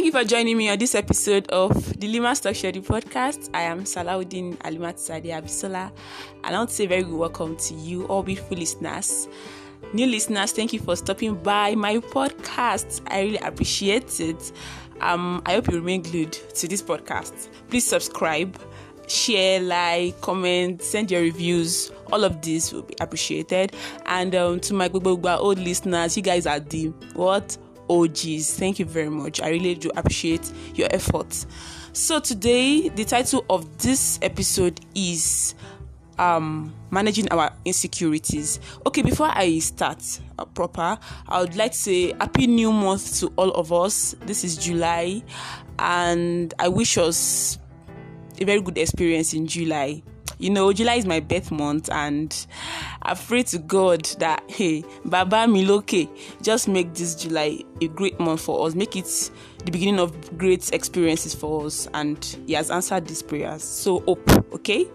Thank you for joining me on this episode of the Lima Stock Study Podcast. I am Salahuddin Alimat Sadi Abisola, I want to say very welcome to you, all beautiful listeners. New listeners, thank you for stopping by my podcast. I really appreciate it. Um, I hope you remain glued to this podcast. Please subscribe, share, like, comment, send your reviews. All of this will be appreciated. And um, to my old listeners, you guys are the what? OGs. Thank you very much. I really do appreciate your efforts. So today, the title of this episode is um, managing our insecurities. Okay, before I start uh, proper, I would like to say happy new month to all of us. This is July, and I wish us a very good experience in July you know, July is my birth month, and I pray to God that hey, Baba Miloke, just make this July a great month for us. Make it the beginning of great experiences for us, and He has answered these prayers. So hope, okay.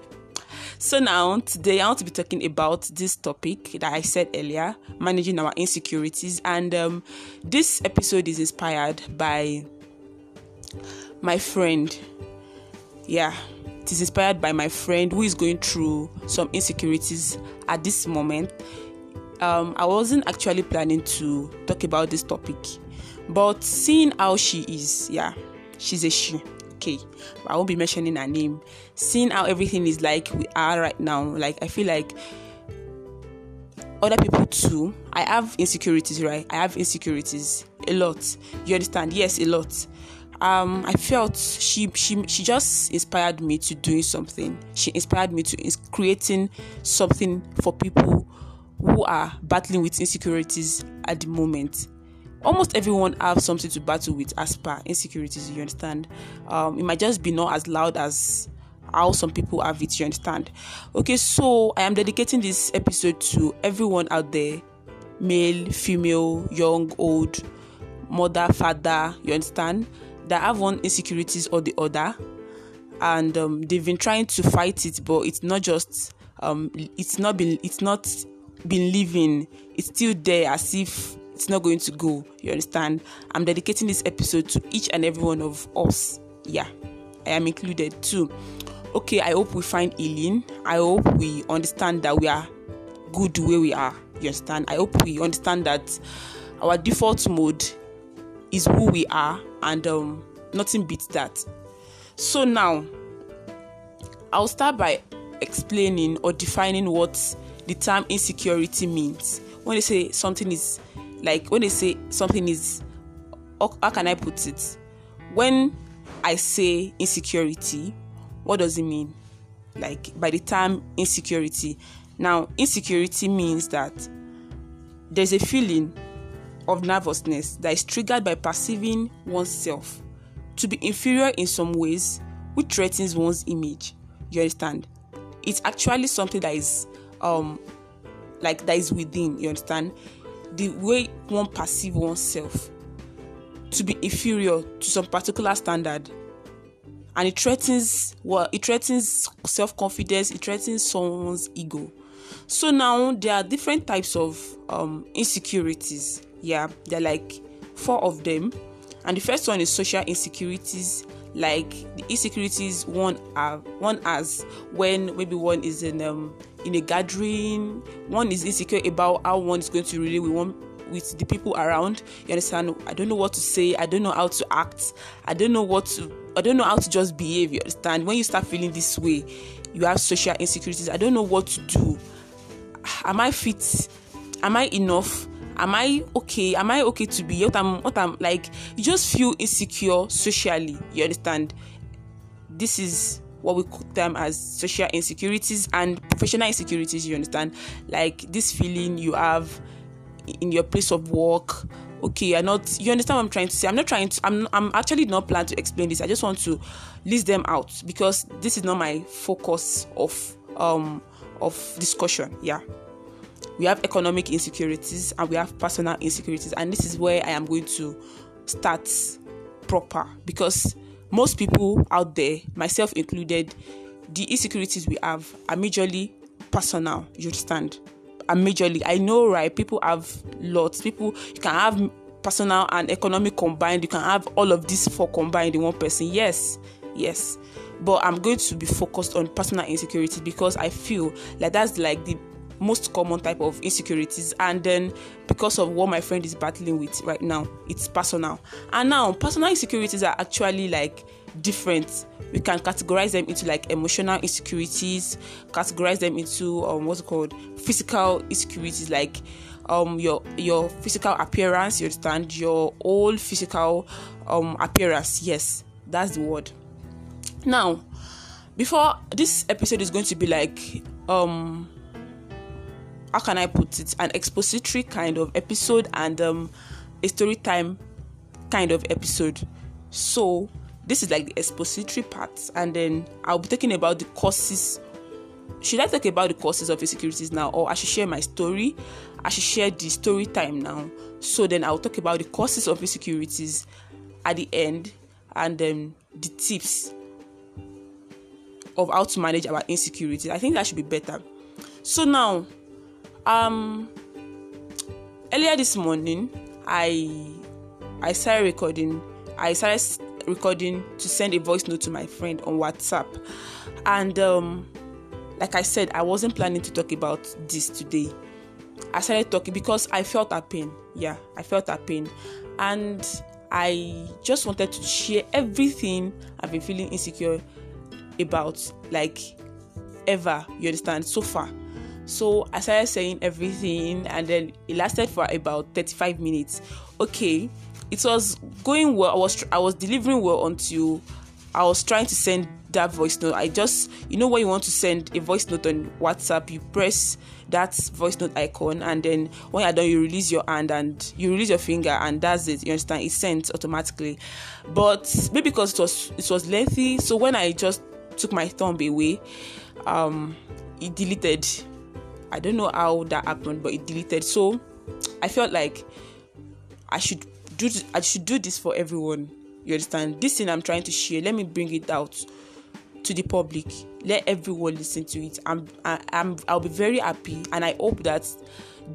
So now today I want to be talking about this topic that I said earlier, managing our insecurities, and um, this episode is inspired by my friend. Yeah, it is inspired by my friend who is going through some insecurities at this moment. Um, I wasn't actually planning to talk about this topic, but seeing how she is, yeah, she's a she. Okay, I won't be mentioning her name. Seeing how everything is like we are right now, like I feel like other people too. I have insecurities, right? I have insecurities a lot. You understand? Yes, a lot um, I felt she she she just inspired me to doing something. She inspired me to is creating something for people who are battling with insecurities at the moment. Almost everyone have something to battle with as per insecurities. You understand? Um, it might just be not as loud as how some people have it. You understand? Okay, so I am dedicating this episode to everyone out there, male, female, young, old, mother, father. You understand? that have one insecurities or the other and um, they've been trying to fight it but it's not just um, it's not been it's not been living it's still there as if it's not going to go you understand i'm dedicating this episode to each and every one of us yeah i am included too okay i hope we find Eileen. i hope we understand that we are good where we are you understand i hope we understand that our default mode is who we are and um, nothing beats that so now i'll start by explaining or defining what the term insecurity means when they say something is like when they say something is how can i put it when i say insecurity what does it mean like by the term insecurity now insecurity means that there's a feeling of nervousness that is triggered by perceiving oneself to be inferior in some ways, which threatens one's image. You understand? It's actually something that is um like that is within, you understand? The way one perceives oneself to be inferior to some particular standard. And it threatens well, it threatens self-confidence, it threatens someone's ego. So now there are different types of um, insecurities. Yeah, they're like four of them. And the first one is social insecurities, like the insecurities one are one has when maybe one is in um in a gathering, one is insecure about how one is going to relate with one with the people around. You understand? I don't know what to say. I don't know how to act. I don't know what to. I don't know how to just behave. You understand? When you start feeling this way, you have social insecurities. I don't know what to do. Am I fit? Am I enough? am i okay am i okay to be what i'm what i'm like you just feel insecure socially you understand this is what we call them as social insecurities and professional insecurities you understand like this feeling you have in your place of work okay you're not you understand what i'm trying to say i'm not trying to i'm, I'm actually not planning to explain this i just want to list them out because this is not my focus of um of discussion yeah we have economic insecurities and we have personal insecurities and this is where i am going to start proper because most people out there myself included the insecurities we have are majorly personal you understand are majorly i know right people have lots people you can have personal and economic combined you can have all of these four combined in one person yes yes but i'm going to be focused on personal insecurity because i feel like that's like the most common type of insecurities and then because of what my friend is battling with right now it's personal and now personal insecurities are actually like different we can categorize them into like emotional insecurities categorize them into um, what's called physical insecurities like um your your physical appearance you understand your old physical um appearance yes that's the word now before this episode is going to be like um how can I put it, an expository kind of episode and um, a story time kind of episode. So this is like the expository part, and then I'll be talking about the courses. Should I talk about the courses of insecurities now, or I should share my story? I should share the story time now. So then I'll talk about the courses of insecurities at the end, and then um, the tips of how to manage our insecurities. I think that should be better. So now um, earlier this morning, I I started recording. I started recording to send a voice note to my friend on WhatsApp, and um, like I said, I wasn't planning to talk about this today. I started talking because I felt a pain. Yeah, I felt a pain, and I just wanted to share everything I've been feeling insecure about, like ever. You understand? So far so I started saying everything, and then it lasted for about 35 minutes. Okay, it was going well. I was I was delivering well until I was trying to send that voice note. I just you know why you want to send a voice note on WhatsApp, you press that voice note icon, and then when you're done, you release your hand and you release your finger, and that's it. You understand? It's sent automatically. But maybe because it was it was lengthy, so when I just took my thumb away, um, it deleted I don't know how that happened, but it deleted. So I felt like I should do this, I should do this for everyone. You understand? This thing I'm trying to share, let me bring it out to the public. Let everyone listen to it. I'm I, am i I'll be very happy and I hope that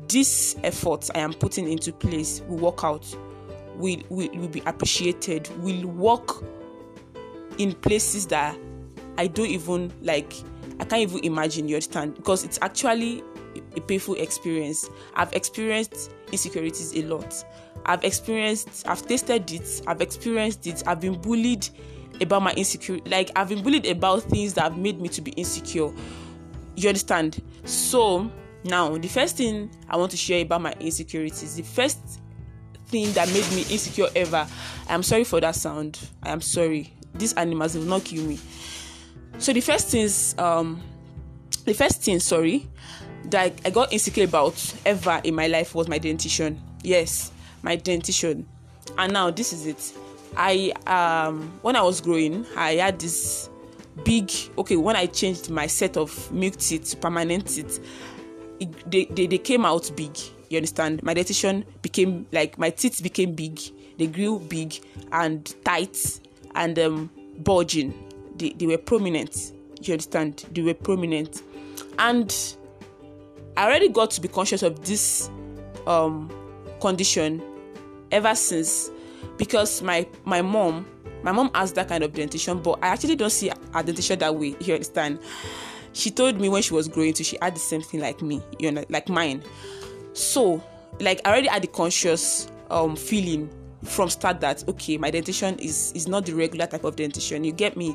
this effort I am putting into place will work out. Will will, will be appreciated. Will work in places that I don't even like I can't even imagine you understand because it's actually a painful experience. I've experienced insecurities a lot. I've experienced, I've tasted it, I've experienced it, I've been bullied about my insecure, like I've been bullied about things that have made me to be insecure. You understand? So now the first thing I want to share about my insecurities, the first thing that made me insecure ever. I'm sorry for that sound. I am sorry. These animals will not kill me. So the first things, um, the first thing, sorry, that I got insecure about ever in my life was my dentition. Yes, my dentition. And now this is it. I um when I was growing, I had this big okay when I changed my set of milk teeth to permanent teeth, they, they they came out big. You understand? My dentition became like my teeth became big. They grew big and tight and um bulging. They they were prominent. You understand? They were prominent, and I already got to be conscious of this um, condition ever since because my my mom my mom has that kind of dentition but i actually don't see her dentition that way you understand she told me when she was growing too she had the same thing like me you know like mine so like i already had the conscious um feeling from start that okay my dentition is is not the regular type of dentition you get me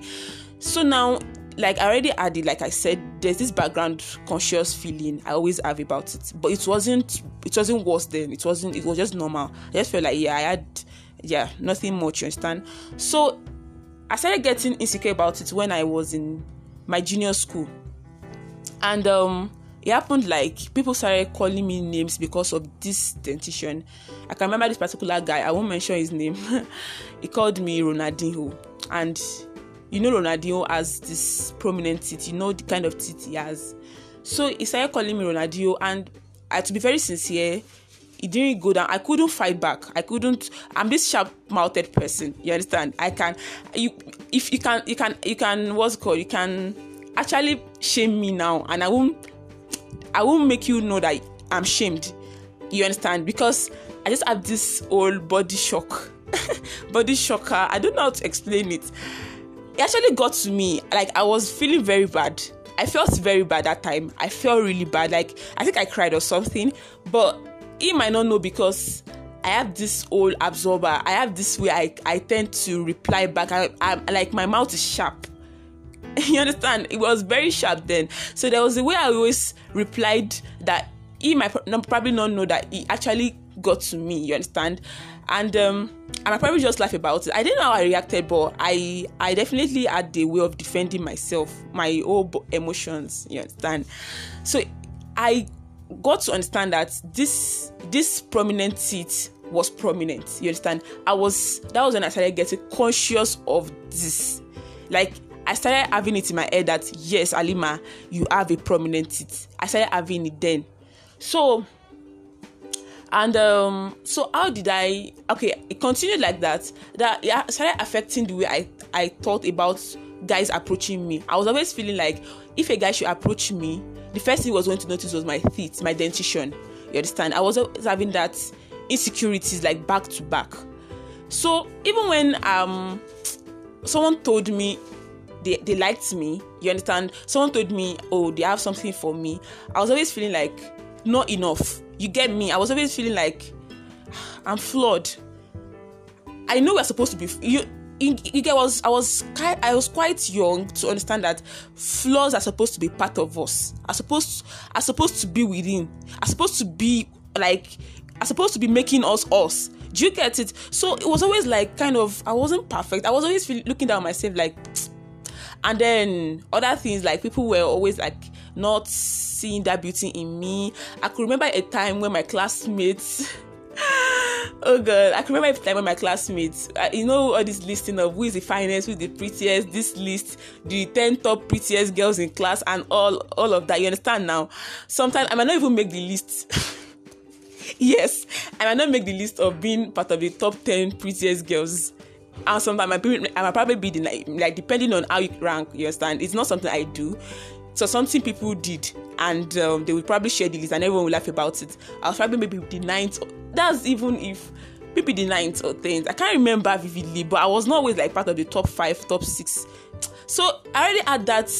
so now like I already added, like I said, there's this background conscious feeling I always have about it. But it wasn't it wasn't worse then. It wasn't it was just normal. I just felt like yeah, I had yeah, nothing much, you understand? So I started getting insecure about it when I was in my junior school. And um it happened like people started calling me names because of this dentition. I can remember this particular guy, I won't mention his name. he called me Ronaldinho and you know Ronaldinho has this prominent teeth you know the kind of teeth he has so he started calling me Ronaldinho and I to be very sincere it didn't go down i couldn't fight back i couldn't i'm this sharp mouthed person you understand i can you if you can you can you can what's called you can actually shame me now and i won't i won't make you know that i'm shamed you understand because i just have this whole body shock body shocker i don't know how to explain it it actually got to me. Like I was feeling very bad. I felt very bad that time. I felt really bad. Like I think I cried or something. But he might not know because I have this old absorber. I have this way I, I tend to reply back. I, I like my mouth is sharp. you understand? It was very sharp then. So there was a way I always replied that he might probably not know that he actually got to me. You understand? and um and i probably just laugh about it i didn't know how i reacted but i i definitely had the way of defending myself my own emotions you understand so i got to understand that this this prominent seat was prominent you understand i was that was when i started getting conscious of this like I started having it in my head that yes, Alima, you have a prominent seat. I started having it then. So and um, so how did i okay it continued like that that yeah started affecting the way i i thought about guys approaching me i was always feeling like if a guy should approach me the first thing he was going to notice was my teeth my dentition you understand i was always having that insecurities like back to back so even when um someone told me they, they liked me you understand someone told me oh they have something for me i was always feeling like not enough you get me? I was always feeling like I'm flawed. I know we're supposed to be you. You, you get I was I was I was quite young to understand that flaws are supposed to be part of us. Are supposed are supposed to be within. Are supposed to be like are supposed to be making us us. Do you get it? So it was always like kind of I wasn't perfect. I was always looking down myself like, and then other things like people were always like not seeing that beauty in me. I could remember a time when my classmates. oh god i can remember a time when my classmates uh, you know all this listing of who is the finest who is the prettiest this list the ten top prettiest girls in class and all all of that you understand now sometimes i might not even make the list yes i might not make the list of being part of the top ten prettiest girls and sometimes i might, be, I might probably be the like, like depending on how you rank you understand it's not something i do So something people did, and um, they will probably share the list, and everyone will laugh about it. I was probably maybe the ninth. That's even if maybe the ninth or tenth. I can't remember vividly, but I was not always like part of the top five, top six. So I already had that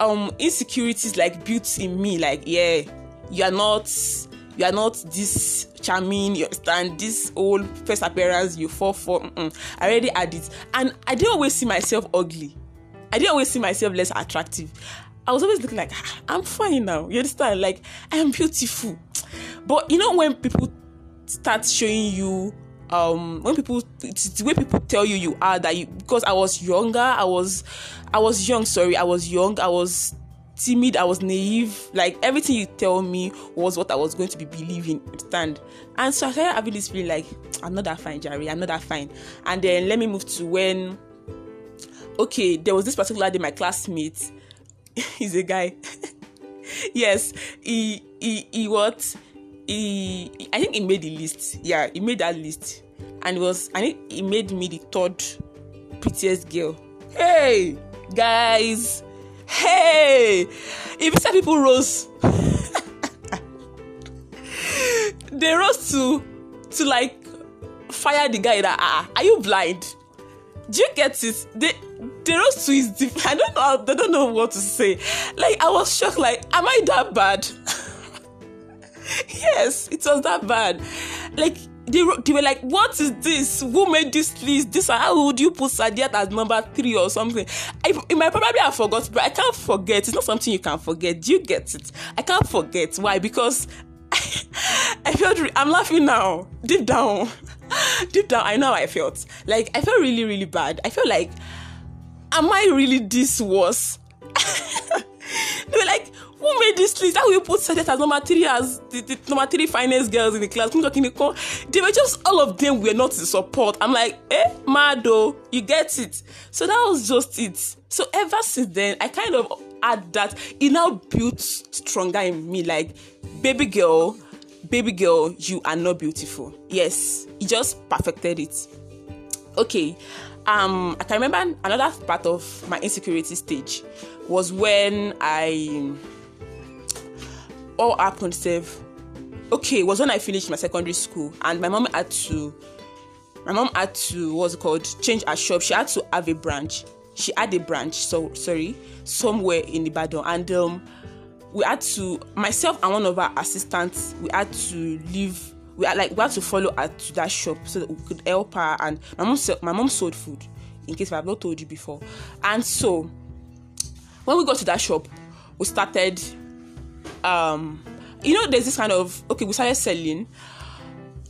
um insecurities like built in me. Like yeah, you are not you are not this charming you understand this old first appearance you fall for mm-mm. i already had it and i didn't always see myself ugly i didn't always see myself less attractive I was always looking like ah, I'm fine now. You understand? Like I am beautiful. But you know when people start showing you um when people it's the way people tell you you are that you because I was younger, I was I was young, sorry, I was young, I was timid, I was naive. Like everything you tell me was what I was going to be believing. Understand? And so I started having this feeling like I'm not that fine, Jerry. I'm not that fine. And then let me move to when okay, there was this particular day my classmate he's a guy. yes, he he he what? He I think he made the list. Yeah, he made that list, and it was I think he made me the third prettiest girl. Hey guys, hey! If some people rose, they rose to to like fire the guy that ah, are you blind? Do you get it? They the road to is I don't know. They don't know what to say. Like I was shocked. Like, am I that bad? yes, it was that bad. Like they, they were like, "What is this? Who made this list? This how would you put Sadiat as number three or something?" I, it might probably have forgot, but I can't forget. It's not something you can forget. Do you get it? I can't forget. Why? Because I, I felt. Re- I'm laughing now. Deep down, deep down, I know I felt like I felt really, really bad. I felt like am I really this worse? they were like, who made this list? How will you put Sadet as number three as the, the number three finest girls in the class? They were just all of them were not in support. I'm like, eh, Mado, you get it. So that was just it. So ever since then, I kind of had that. It now built stronger in me. Like, baby girl, baby girl, you are not beautiful. Yes, it just perfected it. Okay, Um, I can remember another part of my insecurity stage was when I all happened save okay, it was when I finished my secondary school and my mom had to my mom had to what's it called change her shop. She had to have a branch. She had a branch, so sorry, somewhere in the Ibadan. And um, we had to myself and one of our assistants, we had to leave we are like we had to follow her to that shop so that we could help her and my mom my mom sold food in case i've not told you before and so when we got to that shop we started um you know there's this kind of okay we started selling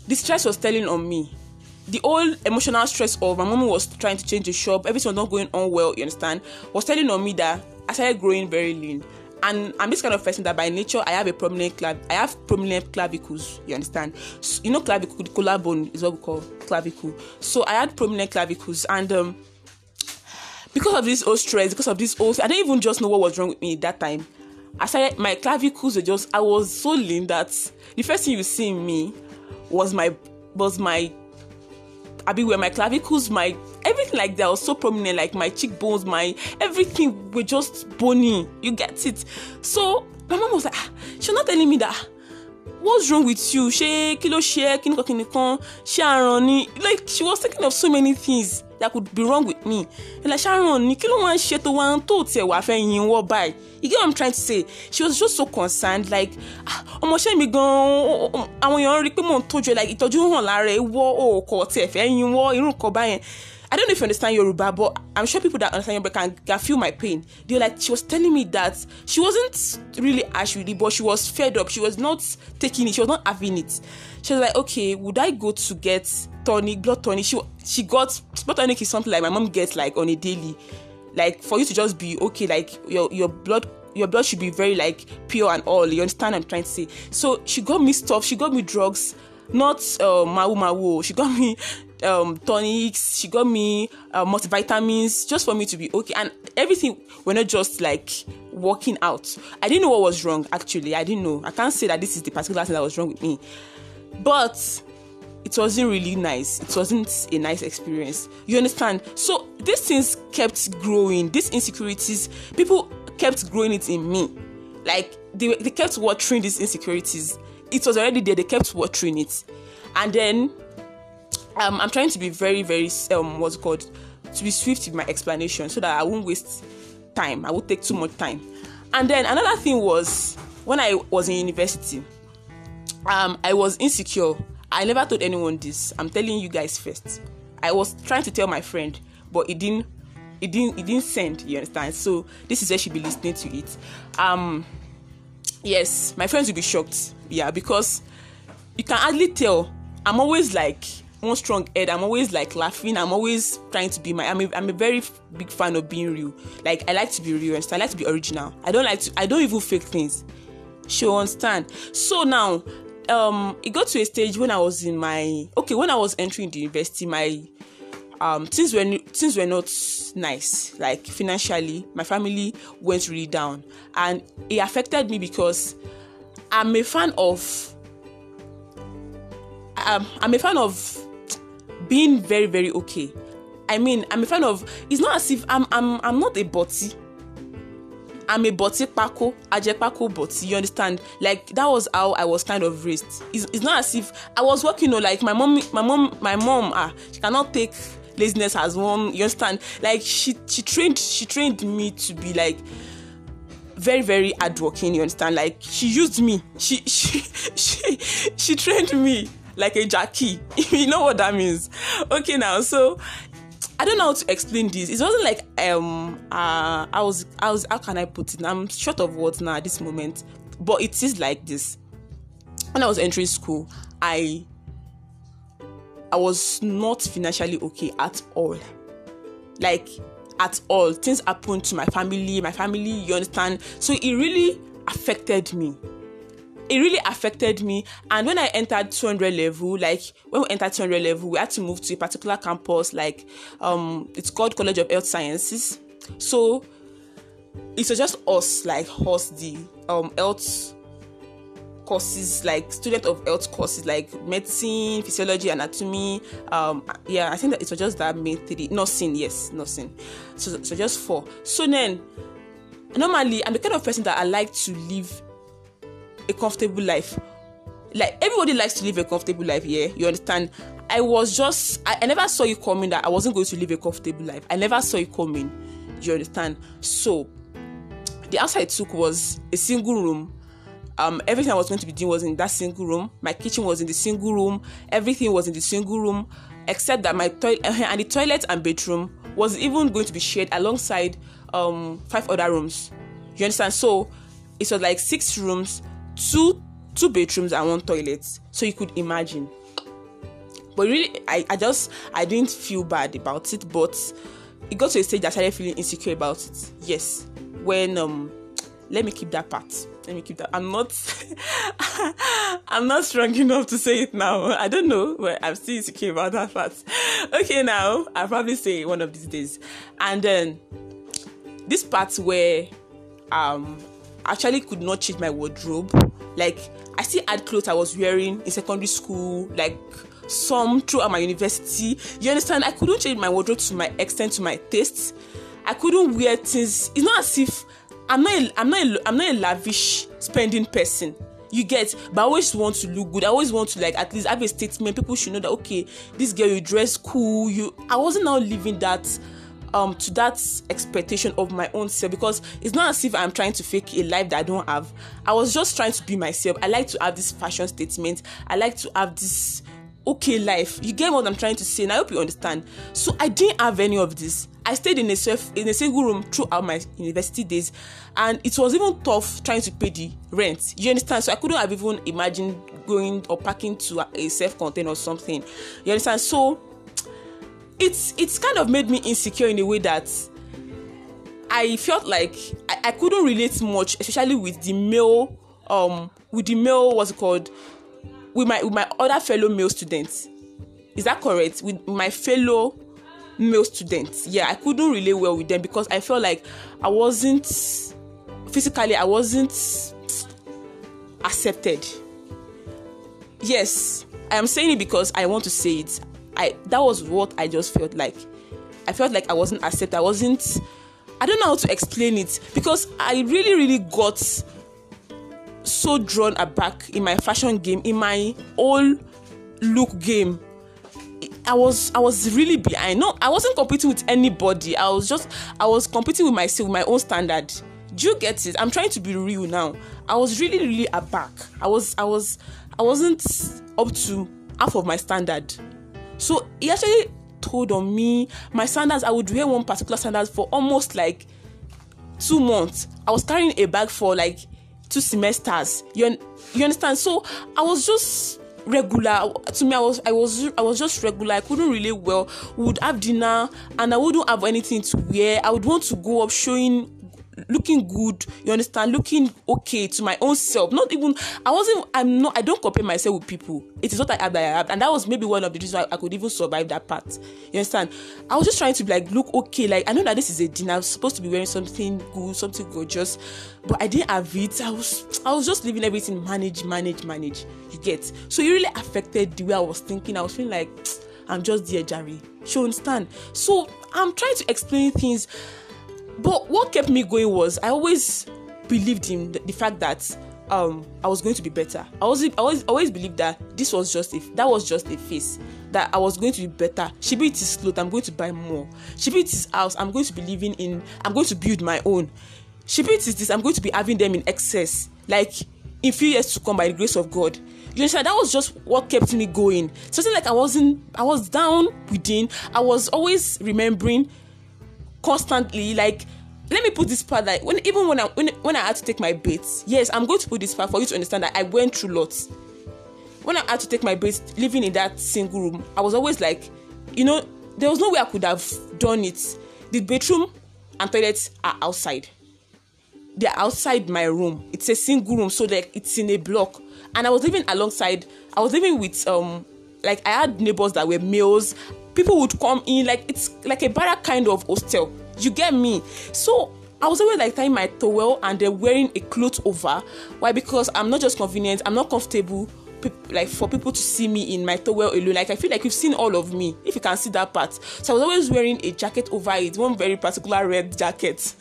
the stress was telling on me the whole emotional stress of my mom was trying to change the shop everything was not going on well you understand was telling on me that i started growing very lean and I'm this kind of person that by nature I have a prominent clav- I have prominent clavicles. You understand? So, you know, clavicle, bone is what we call clavicle. So I had prominent clavicles, and um, because of this old stress, because of this old, I didn't even just know what was wrong with me at that time. I started my clavicles were just I was so lean that the first thing you see in me was my was my I be where my clavicles, my everything like that was so prominent, like my cheekbones, my everything were just bony. You get it? So my mom was like, ah, she's not telling me that. What's wrong with you? She kilo share, kiniko kiniko, she like she was thinking of so many things that could be wrong with me ilẹ̀ sharon ni kí ló wọ́n ń ṣe tó wọ́n tó tiẹ̀ wá fẹ́ yin wọ́ báyìí you get what i'm trying to say she was just so concerned like ah, ọmọọṣẹ́ mi gan-an àwọn èèyàn rí i pé mò ń tọ́jú ẹ̀ like ìtọ́jú hàn lára ẹ̀ wọ́ òòkọ̀ tiẹ̀ fẹ́ yin wọ́ irú nǹkan báyẹn I don't know if you understand Yoruba, but I'm sure people that understand Yoruba can, can feel my pain. They're like, she was telling me that she wasn't really ash really, but she was fed up. She was not taking it. She was not having it. She was like, okay, would I go to get tonic, blood tonic? She she got blood tonic is something like my mom gets like on a daily, like for you to just be okay, like your your blood your blood should be very like pure and all. You understand I'm trying to say? So she got me stuff. She got me drugs. Not uh, mawu mawu. She got me um, tonics, she got me uh, multivitamins just for me to be okay. And everything, we're not just like working out. I didn't know what was wrong actually. I didn't know. I can't say that this is the particular thing that was wrong with me. But it wasn't really nice. It wasn't a nice experience. You understand? So these things kept growing. These insecurities, people kept growing it in me. Like they, they kept watering these insecurities. It was already there. They kept watering it. And then um, I'm trying to be very, very um, what's called to be swift in my explanation so that I won't waste time. I will take too much time. And then another thing was when I was in university, um, I was insecure. I never told anyone this. I'm telling you guys first. I was trying to tell my friend, but it didn't. It didn't. It didn't send. You understand? So this is where she'll be listening to it. Um, yes, my friends will be shocked. Yeah, because you can hardly tell. I'm always like one strong head i'm always like laughing i'm always trying to be my i'm a, I'm a very big fan of being real like i like to be real and so i like to be original i don't like to i don't even fake things she understand so now um it got to a stage when i was in my okay when i was entering the university my um things were things were not nice like financially my family went really down and it affected me because i'm a fan of um, I'm a fan of being very very okay i mean i'm a fan of it's not as if i'm i'm i'm not a botty i'm a botty pako pako botty you understand like that was how i was kind of raised it's, it's not as if i was working you know, like my mom my mom my mom ah she cannot take laziness as one you understand like she she trained she trained me to be like very very hardworking you understand like she used me she she she she trained me like a jackie. you know what that means. Okay, now, so I don't know how to explain this. It wasn't like um uh I was I was how can I put it? I'm short of words now at this moment, but it is like this. When I was entering school, I I was not financially okay at all. Like at all. Things happened to my family, my family, you understand? So it really affected me it really affected me. And when I entered 200 level, like when we entered 200 level, we had to move to a particular campus, like um, it's called College of Health Sciences. So it was just us, like us, the um, health courses, like student of health courses, like medicine, physiology, anatomy. Um, yeah, I think that it was just that May three, nursing, yes, nursing. So, so just four. So then normally I'm the kind of person that I like to live a comfortable life. Like everybody likes to live a comfortable life, yeah. You understand? I was just I, I never saw you coming that I wasn't going to live a comfortable life. I never saw you coming. You understand? So the house I took was a single room. Um, everything I was going to be doing was in that single room. My kitchen was in the single room. Everything was in the single room, except that my toilet and the toilet and bedroom was even going to be shared alongside um, five other rooms. You understand? So it was like six rooms two two bedrooms and one toilet so you could imagine but really I, I just i didn't feel bad about it but it got to a stage that i started feeling insecure about it yes when um let me keep that part let me keep that i'm not i'm not strong enough to say it now i don't know but i'm still insecure about that part okay now i'll probably say one of these days and then this part where um actually could not change my wardrobe Like I still had clothes I was wearing in secondary school, like some throughout my university. You understand? I couldn't change my wardrobe to my extent, to my tastes. I couldn't wear things. It's not as if I'm not a, I'm not a, I'm not a lavish spending person. You get, but I always want to look good. I always want to like at least have a statement. People should know that okay, this girl you dress cool. You I wasn't now living that um to that expectation of my own self because it's not as if i'm trying to fake a life that i don't have i was just trying to be myself i like to have this fashion statement i like to have this okay life you get what i'm trying to say and i hope you understand so i didn't have any of this i stayed in a self in a single room throughout my university days and it was even tough trying to pay the rent you understand so i couldn't have even imagined going or packing to a self contained or something you understand so it's it's kind of made me insecure in a way that I felt like I, I couldn't relate much, especially with the male um with the male what's it called with my with my other fellow male students. Is that correct? With my fellow male students. Yeah, I couldn't relate well with them because I felt like I wasn't physically I wasn't accepted. Yes, I am saying it because I want to say it. I that was what I just felt like. I felt like I wasn't accepted. I wasn't I don't know how to explain it because I really really got so drawn aback in my fashion game, in my whole look game. I was I was really behind. No, I wasn't competing with anybody. I was just I was competing with myself, my own standard. Do you get it? I'm trying to be real now. I was really really aback. I was I was I wasn't up to half of my standard. So he actually told on me my sandals. I would wear one particular sandals for almost like two months. I was carrying a bag for like two semesters. You you understand? So I was just regular to me i was i was i was just regular i couldn't relate well we would have dinner and i wouldn't have anything to wear i would want to go up showing looking good you understand looking okay to my own self not even i wasn't i'm not i don't compare myself with people it is what i have that i have and that was maybe one of the reasons why I could even survive that part you understand i was just trying to like look okay like i know that this is a dinner i'm supposed to be wearing something good something gorgeous but i didn't have it i was i was just leaving everything manage manage manage you get so it really affected the way i was thinking i was feeling like i'm just the jerry she understand so i'm trying to explain things but what kept me going was I always believed in the, the fact that um, I was going to be better. I was I always always believed that this was just that was just a phase that I was going to be better. She be it is clothes, I'm going to buy more. She be it is house, I'm going to be living in. I'm going to build my own. She be it is this, I'm going to be having them in excess, like in few years to come by the grace of God. You understand? That was just what kept me going. Something like I wasn't I was down within. I was always remembering constantly like let me put this part that when even when I when, when I had to take my baits, yes, I'm going to put this part for you to understand that I went through lots. When I had to take my baits, living in that single room, I was always like, you know, there was no way I could have done it. The bedroom and toilets are outside. They're outside my room. It's a single room, so like it's in a block. And I was living alongside. I was living with um like I had neighbors that were males. people would come in like it's like a barrack kind of hostel you get me so I was always like tying my towel and then wearing a cloth over why because I'm not just convenient I'm not comfortable like for people to see me in my towel alone like I feel like you've seen all of me if you can see that part so I was always wearing a jacket over it one very particular red jacket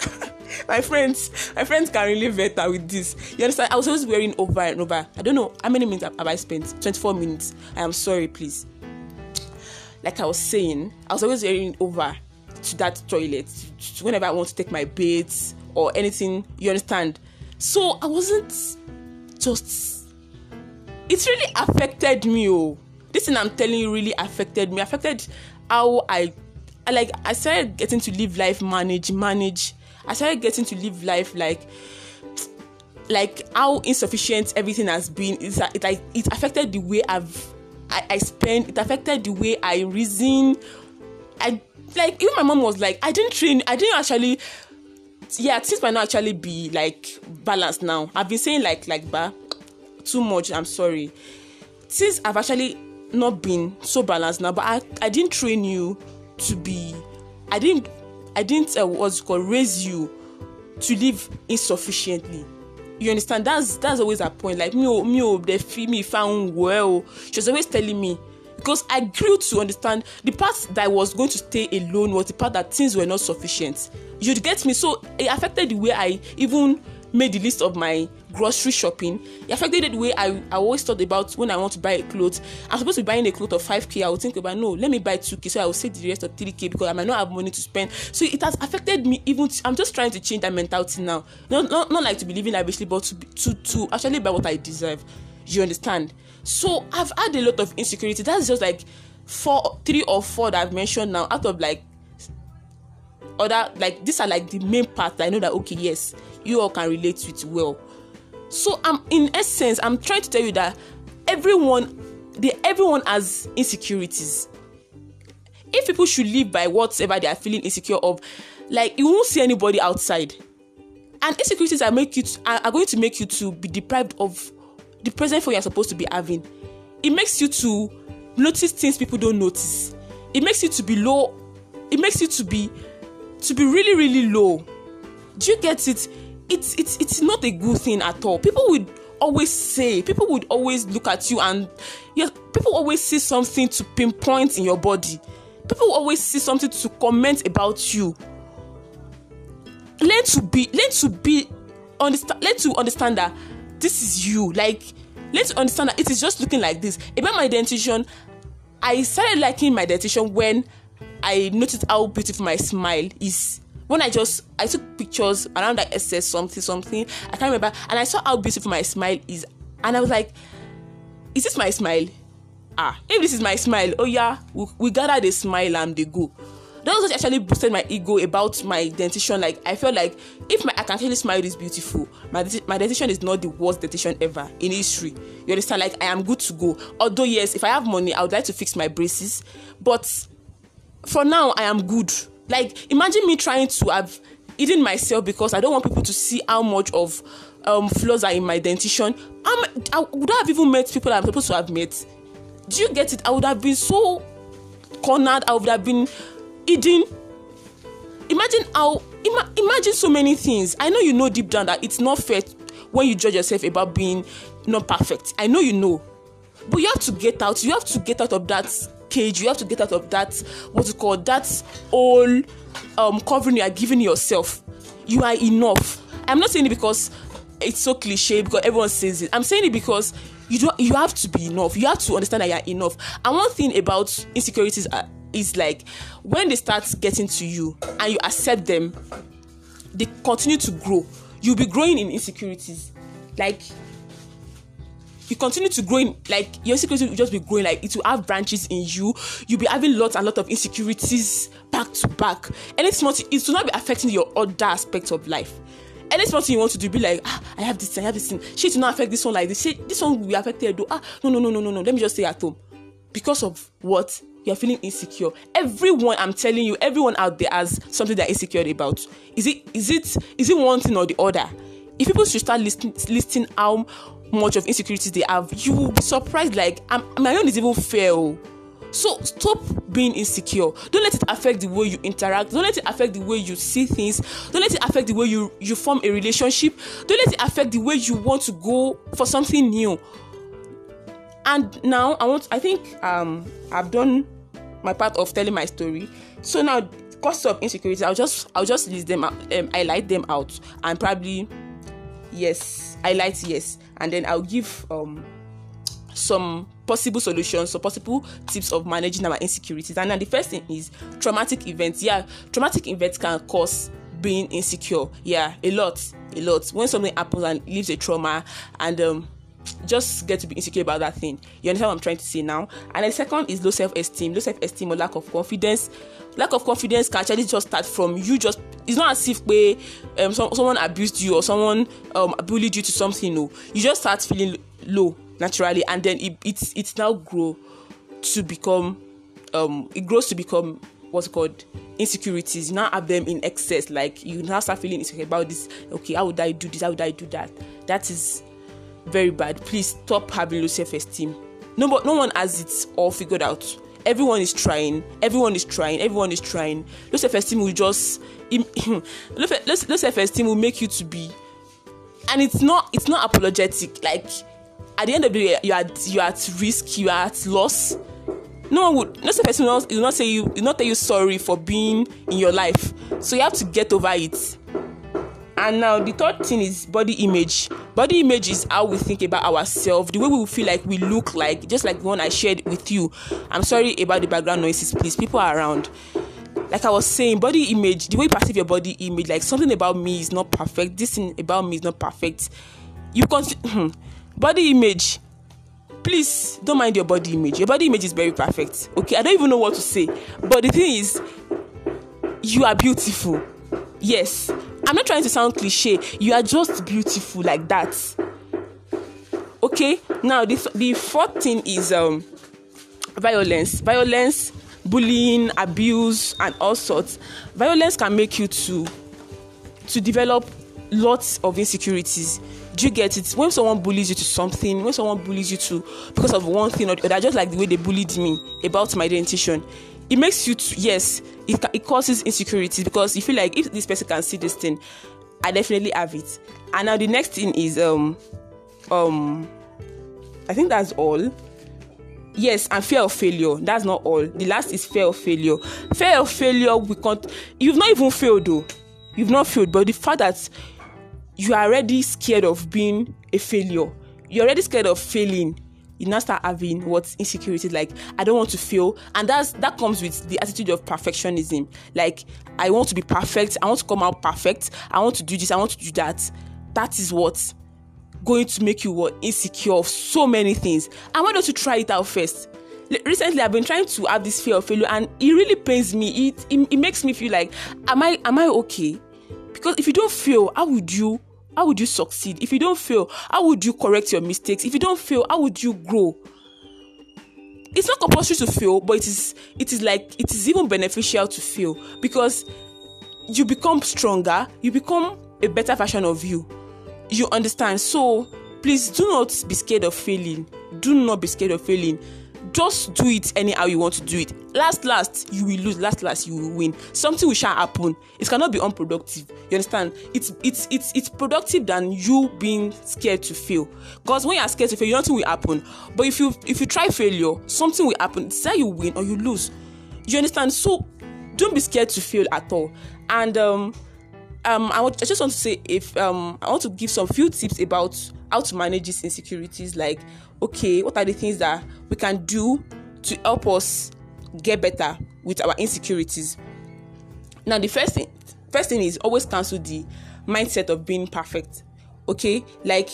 my friends my friends can really better with this you understand I was always wearing over and over I don't know how many minutes have I spent 24 minutes I am sorry please like I was saying, I was always going over to that toilet whenever I want to take my baths or anything. You understand? So I wasn't just. It really affected me. Oh, this thing I'm telling you really affected me. Affected how I, I like. I started getting to live life, manage, manage. I started getting to live life like like how insufficient everything has been it's, like it affected the way i've I, I spent, it affected the way I reason. I like even my mom was like, I didn't train, I didn't actually yeah, things might not actually be like balanced now. I've been saying like like bah too much, I'm sorry. Things I've actually not been so balanced now, but I, I didn't train you to be I didn't I didn't uh, what's called raise you to live insufficiently you understand that's that's always her point like me, o mi o dey feel me if i n well she was always telling me because i grew to understand the part that i was going to stay alone was the part that things were not sufficient you get me so it affected the way i even made the list of my grocery shopping it affected the way I, I always thought about when I want to buy a cloth I'm supposed to be buying a cloth of 5k I would think about no let me buy 2k so I will save the rest of 3k because I might not have money to spend so it has affected me even i I'm just trying to change that mentality now not not, not like to be living lavishly but to, to to actually buy what I deserve you understand so I've had a lot of insecurity that's just like four three or four that I've mentioned now out of like other like these are like the main parts that i know that okay yes you all can relate with well so i'm um, in essence i'm trying to tell you that everyone they everyone has insecurities if people should live by whatever they are feeling insecure of like you won't see anybody outside and insecurities are make you to, are, are going to make you to be deprived of the present for you are supposed to be having it makes you to notice things people don't notice it makes you to be low it makes you to be to be really really low do you get it it's it's it's not a good thing at all people would always say people would always look at you and yeah, people always see something to pinpoint in your body people always see something to comment about you learn to be learn to be understand learn to understand that this is you like learn to understand that it is just looking like this about my dentition i started liking my dentition when I noticed how beautiful my smile is. When I just I took pictures around that SS something something I can't remember, and I saw how beautiful my smile is, and I was like, "Is this my smile? Ah, if this is my smile, oh yeah, we, we gather the smile and they go." Those was actually boosted my ego about my dentition. Like I felt like if my I can actually smile is beautiful, my my dentition is not the worst dentition ever in history. You understand? Like I am good to go. Although yes, if I have money, I would like to fix my braces, but for now i am good like imagine me trying to have hidden myself because i don't want people to see how much of um, flaws are in my dentition I'm, i would have even met people i'm supposed to have met do you get it i would have been so cornered i would have been hidden imagine how ima imagine so many things i know you know deep down that it's not fair when you judge yourself about being not perfect i know you know but you have to get out you have to get out of that cage you have to get out of that What you call that old um, covering you are giving yourself you are enough i'm not saying it because it's so cliche because everyone says it i'm saying it because you don't you have to be enough you have to understand that you're enough and one thing about insecurities is like when they start getting to you and you accept them they continue to grow you'll be growing in insecurities like you continue to grow in like your insecurity will just be growing like it will have branches in you you'll be having lots and lot of insecurities back to back Any small thing it will not be affecting your other aspects of life any small thing you want to do be like ah i have this thing i have this thing shit will not affect this one like this shit this one will be affected though ah no no no no no no let me just stay at home because of what you are feeling insecure everyone i'm telling you everyone out there has something they're insecure about is it is it is it one thing or the other if people should start listing listing how much of insecurities they have you will be surprised like I'm, my own is even fair oh. so stop being insecure don't let it affect the way you interact don't let it affect the way you see things don't let it affect the way you you form a relationship don't let it affect the way you want to go for something new and now i want i think um i've done my part of telling my story so now cause of insecurity i'll just i'll just list them out um, i light them out and probably yes i light yes and then I'll give um some possible solutions or possible tips of managing our insecurities. And then the first thing is traumatic events. Yeah, traumatic events can cause being insecure. Yeah, a lot, a lot. When something happens and leaves a trauma, and um, just get to be insecure about that thing. You understand what I'm trying to say now? And the second is low self-esteem. Low self-esteem or lack of confidence. Lack of confidence can actually just start from you just it's not as if way. um, some, someone abused you or someone um, bullied you to something no. You just start feeling low naturally and then it it's it's now grow to become um it grows to become what's called insecurities you now have them in excess like you now start feeling insecure about this okay how would i do this how would i do that that is very bad. Please stop having low self esteem. No, but no one has it all figured out. Everyone is trying. Everyone is trying. Everyone is trying. Low self esteem will just low, low self esteem will make you to be, and it's not it's not apologetic. Like at the end of the day, you are you are at risk. You are at loss. No one would no self esteem will not, will not say you will not tell you sorry for being in your life. So you have to get over it and now the third thing is body image body image is how we think about ourselves the way we feel like we look like just like the one i shared with you i'm sorry about the background noises please people are around like I was saying, body image, the way you perceive your body image, like something about me is not perfect, this thing about me is not perfect. You can hmm, body image. Please don't mind your body image. Your body image is very perfect. Okay, I don't even know what to say. But the thing is, you are beautiful. Yes, I'm not trying to sound cliche. You are just beautiful like that. Okay. Now the the fourth thing is um violence, violence, bullying, abuse, and all sorts. Violence can make you to to develop lots of insecurities. Do you get it? When someone bullies you to something, when someone bullies you to because of one thing or the other, just like the way they bullied me about my dentition, it makes you t- yes it, it causes insecurity because you feel like if this person can see this thing i definitely have it and now the next thing is um um i think that's all yes and fear of failure that's not all the last is fear of failure fear of failure we can't you've not even failed though you've not failed but the fact that you are already scared of being a failure you're already scared of failing you now start having what insecurity like I don't want to feel, and that's that comes with the attitude of perfectionism. Like I want to be perfect, I want to come out perfect, I want to do this, I want to do that. That is what going to make you what insecure of so many things. I why to try it out first? recently i've been trying to have this fear of failure and it really pains me it, it, it makes me feel like am i am i okay because if you don't feel, how would you how would you succeed if you don't fail how would you correct your mistakes if you don't fail how would you grow it's not compulsory to fail but it is it is like it is even beneficial to fail because you become stronger you become a better version of you you understand so please do not be scared of failing do not be scared of failing just do it anyhow you want to do it last last you will lose last last you will win something will sha happen it cannot be unproductive you understand it's it's it's it's productive than you being scared to fail because when you are scared to fail nothing will happen but if you if you try failure something will happen it's either you win or you lose you understand so don't be scared to fail at all and um um I, want, I just want to say if um I want to give some few tips about how to manage these insecurities like okay what are the things that we can do to help us get better with our insecurities now the first thing first thing is always cancel the mindset of being perfect okay like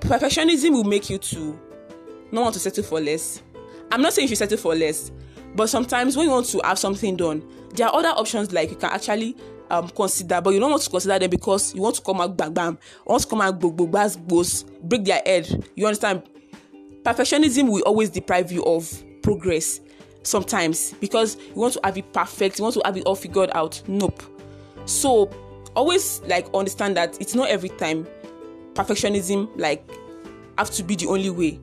perfectionism will make you to not want to settle for less i'm not saying you should settle for less but sometimes when you want to have something done there are other options like you can actually um, consider but you don't want to consider them because you want to come out bam, bang you want to come out gbogbo gbas gbos break their head you understand perfectionism will always deprive you of progress sometimes because you want to have it perfect, you want to have it all figured out. Nope. So always like understand that it's not every time perfectionism like have to be the only way.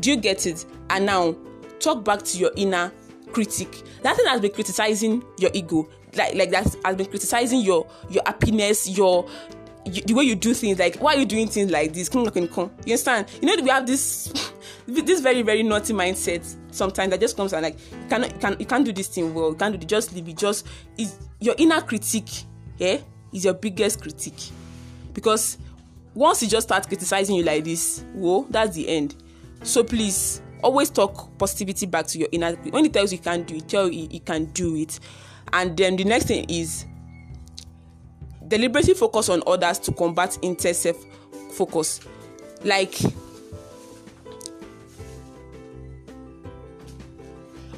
Do you get it? And now talk back to your inner critic. That thing has been criticizing your ego. Like like that has been criticizing your your happiness, your the way you do things, like why are you doing things like this? You understand? You know we have this this very very naughty mindset sometimes that just comes and like you cannot you, can, you can't do this thing well you can't do it just leave it just is your inner critique yeah is your biggest critique because once you just start criticizing you like this whoa that's the end so please always talk positivity back to your inner when it tells you, you can't do it tell you you can do it and then the next thing is deliberately focus on others to combat inter self focus like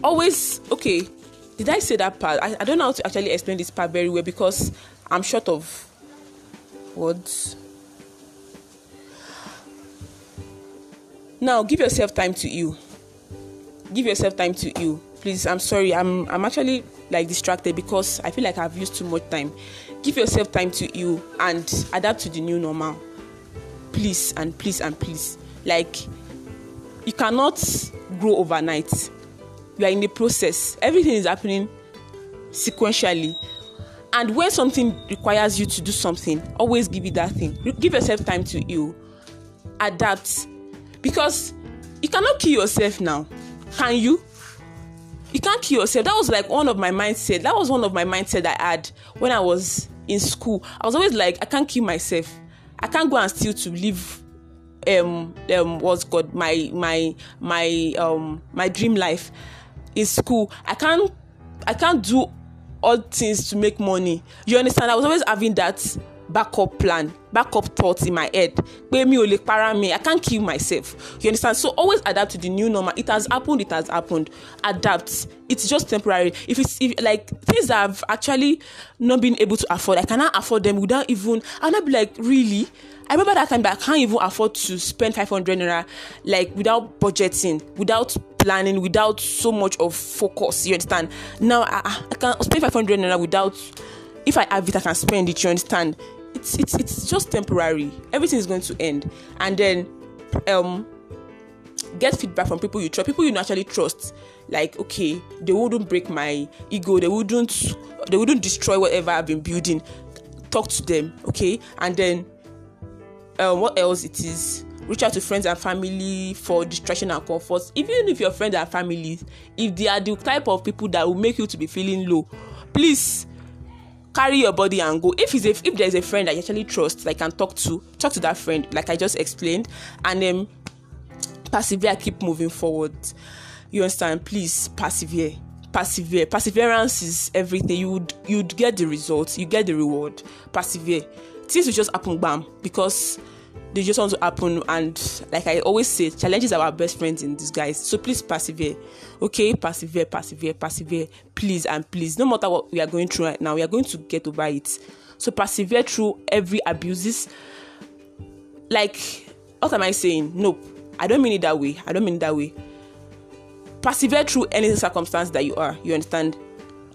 always okay. Did I say that part? I, I don't know how to actually explain this part very well because I'm short of words. Now give yourself time to you. Give yourself time to you. Please, I'm sorry. I'm I'm actually like distracted because I feel like I've used too much time. Give yourself time to you and adapt to the new normal. Please and please and please. Like you cannot grow overnight you are in the process everything is happening sequentially and when something requires you to do something always give it that thing give yourself time to heal adapt because you cannot kill yourself now can you you can't kill yourself that was like one of my mindset that was one of my mindset i had when i was in school i was always like i can't kill myself i can't go and steal to live um um what's called my my my um my dream life in school i can't i can't do all things to make money you understand i was always having that backup plan backup thought in my head pé mi ò lè para mi i can't kill myself you understand so always adapt to the new normal it has happened it has happened adapt it's just temporary if it's if like things that i've actually not been able to afford i cannot afford them without even i'll not be like really i remember that time that i can't even afford to spend five hundred naira like without budgeting without planning without so much of focus. You understand? Now I, I can spend 500 naira without. If I have it, I can spend it. You understand? It's it's it's just temporary. Everything is going to end, and then um get feedback from people you trust, people you naturally trust. Like, okay, they wouldn't break my ego, they wouldn't they wouldn't destroy whatever I've been building. Talk to them, okay? And then um, what else it is reach out to friends and family for distraction and comfort even if your friends and family if they are the type of people that will make you to be feeling low please carry your body and go if it's a if there's a friend that you actually trust that can talk to talk to that friend like i just explained and then um, persevere keep moving forward you understand please persevere persevere perseverance is everything you would you'd get the results, you get the reward persevere things will just happen bam because they just want to happen and like i always say challenges are our best friends in disguise so please persevere okay persevere persevere persevere please and please no matter what we are going through right now we are going to get over it so persevere through every abuses like what am i saying nope i don't mean it that way i don't mean that way persevere through any circumstance that you are you understand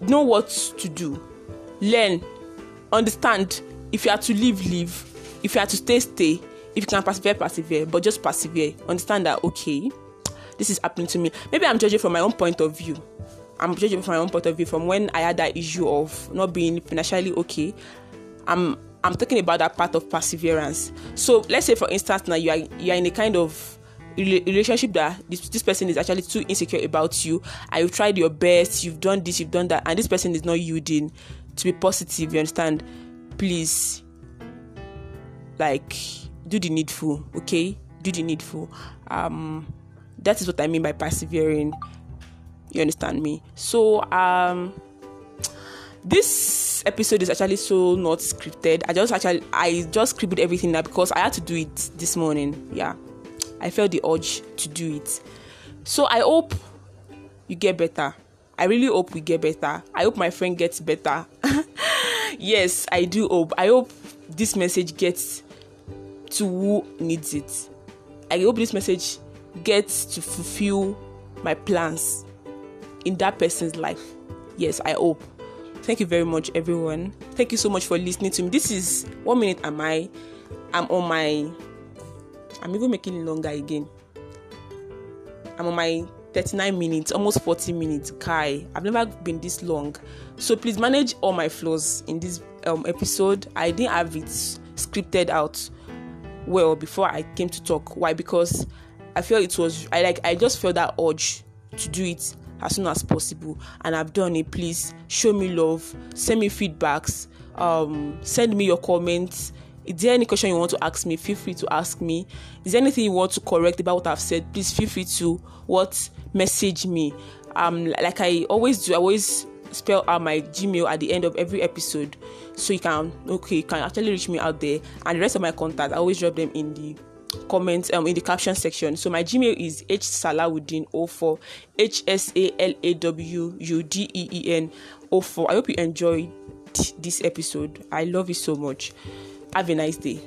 know what to do learn understand if you are to leave leave if you are to stay stay if you can persevere, persevere, but just persevere. Understand that, okay, this is happening to me. Maybe I'm judging from my own point of view. I'm judging from my own point of view from when I had that issue of not being financially okay. I'm I'm talking about that part of perseverance. So let's say for instance now you are you are in a kind of relationship that this, this person is actually too insecure about you i have tried your best, you've done this, you've done that, and this person is not yielding to be positive, you understand? Please like do the needful okay do the needful um that is what i mean by persevering you understand me so um this episode is actually so not scripted i just actually i just scripted everything now because i had to do it this morning yeah i felt the urge to do it so i hope you get better i really hope we get better i hope my friend gets better yes i do hope i hope this message gets to who needs it. I hope this message gets to fulfill my plans in that person's life. Yes, I hope. Thank you very much, everyone. Thank you so much for listening to me. This is one minute. Am I? I'm on my. I'm even making it longer again. I'm on my 39 minutes, almost 40 minutes. Kai, I've never been this long. So please manage all my flaws in this um, episode. I didn't have it scripted out well before I came to talk. Why? Because I feel it was I like I just felt that urge to do it as soon as possible and I've done it. Please show me love, send me feedbacks, um, send me your comments. Is there any question you want to ask me? Feel free to ask me. Is there anything you want to correct about what I've said? Please feel free to what message me. Um, like I always do, I always spell out my Gmail at the end of every episode, so you can okay you can actually reach me out there. And the rest of my contacts, I always drop them in the comments, um in the caption section. So my Gmail is hsalawuddin04 h s a l a w u d e e n 04. I hope you enjoyed this episode. I love you so much. Have a nice day.